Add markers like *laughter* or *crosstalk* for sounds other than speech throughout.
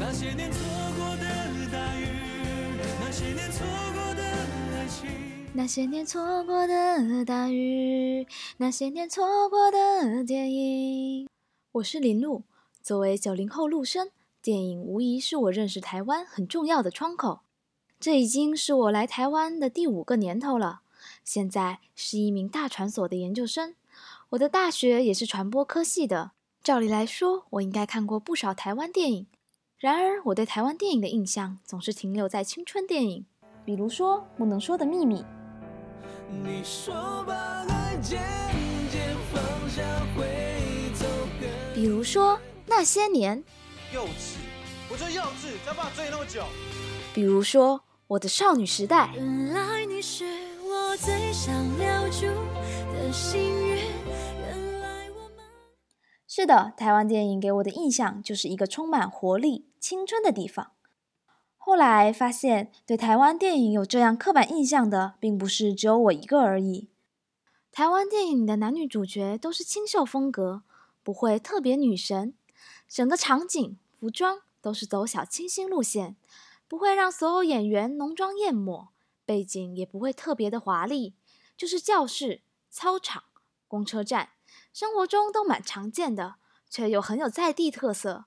那些年錯過的大雨，那些年錯過的愛情，那些年錯過的大雨，那些年錯過的電影。我是林璐，作為九零後陸生，電影無疑是我認識台灣很重要的窗口。這已經是我來台灣的第五個年頭了，現在是一名大傳所的研究生。我的大學也是傳播科系的，照理來說，我應該看過不少台灣電影。然而，我對台灣電影的印象總是停留在青春電影，比如說《不能說的秘密》，比如說《那些年》，幼稚，我就是幼稚，才追你追那麼久？比如說《我的少女時代》。是的，台灣電影給我的印象就是一個充滿活力、青春的地方。後來發現，對台灣電影有這樣刻板印象的，並不是只有我一個而已。台灣電影的男女主角都是清秀風格，不會特別女神。整個場景、服裝都是走小清新路線，不會讓所有演員濃妝豔抹，背景也不會特別的華麗，就是教室、操場、公車站。生活中都蠻常見的，卻又很有在地特色。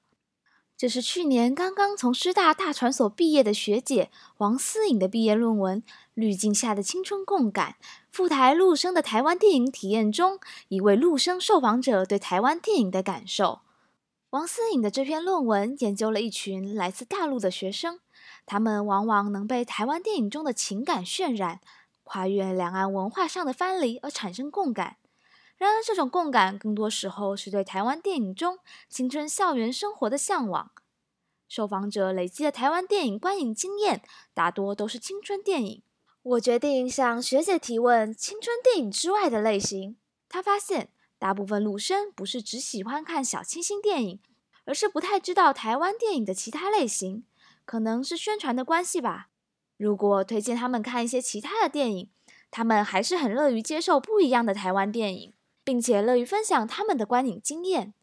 這、就是去年剛剛從師大大傳所畢業的學姐王思穎的畢業論文《濾鏡下的青春共感：赴台陸生的台灣電影體驗中，一位陸生受訪者對台灣電影的感受》。王思穎的這篇論文研究了一群來自大陸的學生，他們往往能被台灣電影中的情感渲染，跨越兩岸文化上的藩籬而產生共感。然而，讓這種共感更多時候是對台灣電影中青春校園生活的向往。受訪者累積的台灣電影觀影經驗大多都是青春電影。我決定向學姐提問青春電影之外的類型。她發現，大部分陸生不是只喜歡看小清新電影，而是不太知道台灣電影的其他類型，可能是宣傳的關係吧。如果推薦他們看一些其他的電影，他們還是很樂於接受不一樣的台灣電影。並且樂於分享他們的觀影經驗。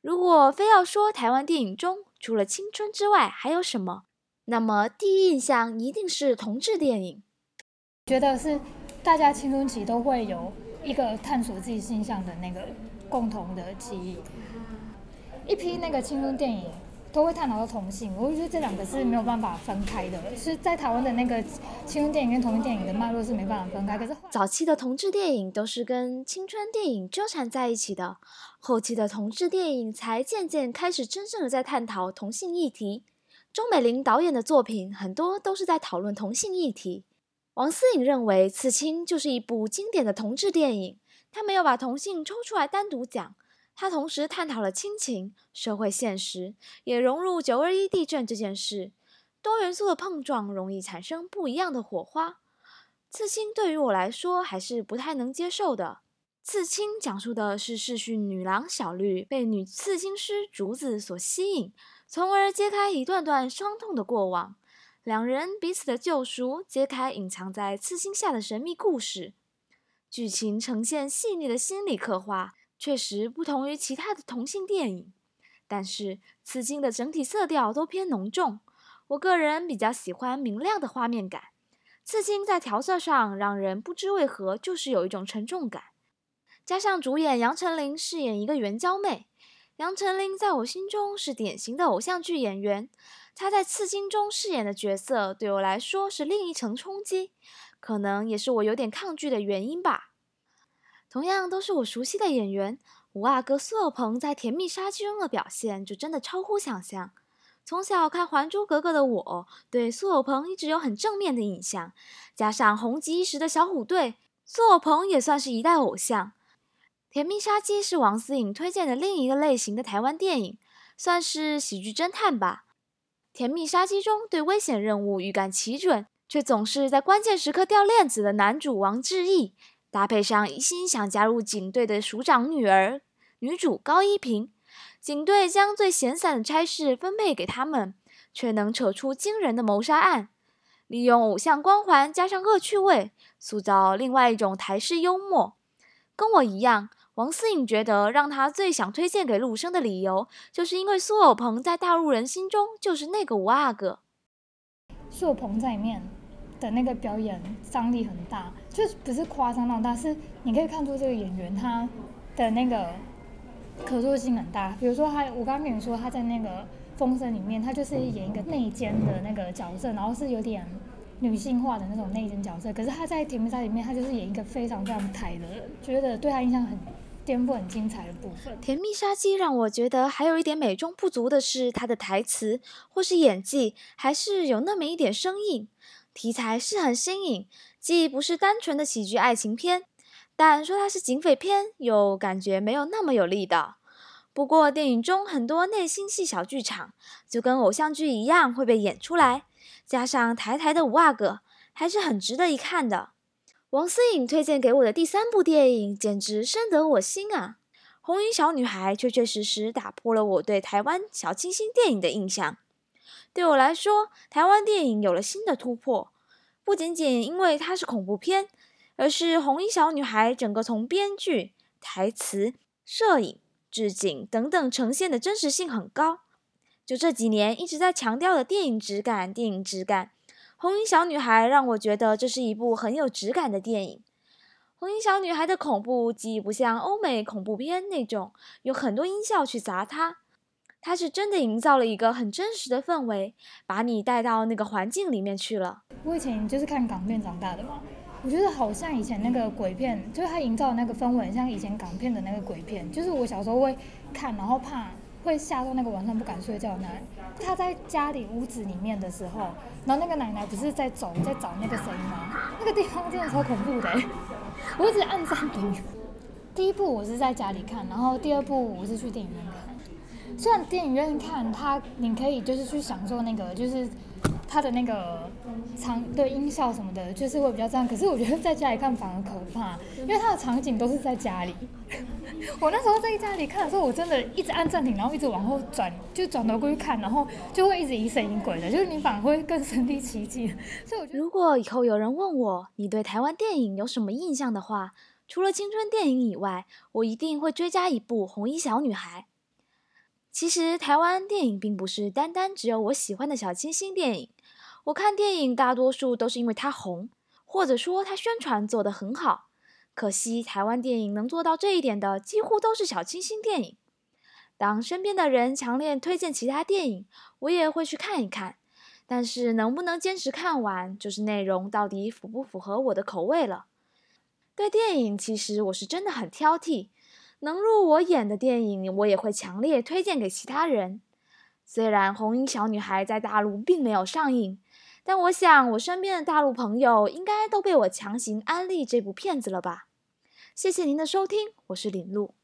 如果非要說台灣電影中除了青春之外還有什麼，那麼第一印象一定是同志電影。我覺得是大家青春期都會有一個探索自己性向的那個共同的記憶，一批那個青春電影。都會探討到同性，我會覺得這兩個是沒有辦法分開的，是在台灣的那個青春電影跟同性電影的脈絡是沒辦法分開。可是早期的同志電影都是跟青春電影糾纏在一起的，後期的同志電影才漸漸開始真正的在探討同性議題。周美玲導演的作品很多都是在討論同性議題。王思穎認為《刺青》就是一部經典的同志電影，他沒有把同性抽出來單獨講。它同時探討了親情、社會現實，也融入九二一地震這件事。多元素的碰撞容易產生不一樣的火花。刺青對於我來說還是不太能接受的。刺青講述的是視訊女郎小綠被女刺青師竹子所吸引，從而揭開一段段傷痛的過往，兩人彼此的救贖，揭開隱藏在刺青下的神秘故事。劇情呈現細膩的心理刻畫。確實不同於其他的同性電影，但是刺青的整體色調都偏濃重。我個人比較喜歡明亮的畫面感，刺青在調色上讓人不知為何就是有一種沉重感。加上主演楊丞琳飾演一個援交妹，楊丞琳在我心中是典型的偶像劇演員，她在刺青中飾演的角色對我來說是另一層衝擊，可能也是我有點抗拒的原因吧。同樣都是我熟悉的演員，五阿哥蘇有朋在《甜蜜殺機》中的表現就真的超乎想象。從小看《還珠格格》的我，對蘇有朋一直有很正面的印象，加上紅極一時的小虎隊，蘇有朋也算是一代偶像。《甜蜜殺機》是王思穎推薦的另一個類型的台灣電影，算是喜劇偵探吧。《甜蜜殺機》中對危險任務預感奇準，卻總是在關鍵時刻掉鏈子的男主王志毅。搭配上一心想加入警隊的署長女兒，女主高一萍，警隊將最閒散的差事分配給他們，卻能扯出驚人的謀殺案，利用偶像光環加上惡趣味，塑造另外一種台式幽默。跟我一樣，王思穎覺得讓他最想推薦給陸生的理由，就是因為蘇有朋在大陸人心中就是那個五阿哥。蘇有朋在裡面。的那個表演張力很大，就是不是誇張那麼大，是你可以看出這個演員他的那個可塑性很大。比如說他，他我剛剛跟你說他在那個《風聲》裡面，他就是演一個內奸的那個角色，然後是有點女性化的那種內奸角色。可是他在《甜蜜殺》裡面，他就是演一個非常非常台的，覺得對他印象很顛覆、很精彩的部分。《甜蜜殺機》讓我覺得還有一點美中不足的是，他的台詞或是演技還是有那麼一點生硬。題材是很新穎，既不是單純的喜劇愛情片，但說它是警匪片又感覺沒有那麼有力道。不過電影中很多內心戲小劇場，就跟偶像劇一樣會被演出來，加上台台的五阿哥，還是很值得一看的。王思穎推薦給我的第三部電影，簡直深得我心啊！紅衣小女孩確確實實打破了我對台灣小清新電影的印象。對我來說，台灣電影有了新的突破，不僅僅因為它是恐怖片，而是《紅衣小女孩》整個從編劇、台詞、攝影、置景等等呈現的真實性很高。就這幾年一直在強調的電影質感，電影質感，《紅衣小女孩》讓我覺得這是一部很有質感的電影。《紅衣小女孩》的恐怖既不像歐美恐怖片那種有很多音效去砸它。他是真的營造了一個很真實的氛圍，把你帶到那個環境裡面去了。我以前就是看港片長大的嘛，我覺得好像以前那個鬼片，就是他營造的那個氛圍，像以前港片的那個鬼片，就是我小時候會看，然後怕會嚇到那個晚上不敢睡覺。的男。他在家裡屋子裡面的時候，然後那個奶奶不是在走，在找那個誰嗎？那個地方真的超恐怖的，我一直按暫停。第一部我是在家裡看，然後第二部我是去電影院看。雖然電影院看它，你可以就是去享受那個，就是它的那個場，對音效什麼的，就是會比較讚。可是我覺得在家裡看反而可怕，因為它的場景都是在家裡。 *laughs* 我那時候在家裡看的時候，我真的一直按暫停，然後一直往後轉，就轉頭過去看，然後就會一直疑神疑鬼的，就是你反而會更身臨其境。所以我覺得，如果以後有人問我你對台灣電影有什麼印象的話，除了青春電影以外，我一定會追加一部《紅衣小女孩》。其實台灣電影並不是單單只有我喜歡的小清新電影。我看電影大多數都是因為它紅，或者說它宣傳做得很好。可惜台灣電影能做到這一點的，幾乎都是小清新電影。當身邊的人強烈推薦其他電影，我也會去看一看，但是能不能堅持看完，就是內容到底符不符合我的口味了。對電影，其實我是真的很挑剔。能入我眼的電影，我也會強烈推薦給其他人。雖然《紅衣小女孩》在大陸並沒有上映，但我想我身邊的大陸朋友應該都被我強行安利這部片子了吧。謝謝您的收聽，我是林璐。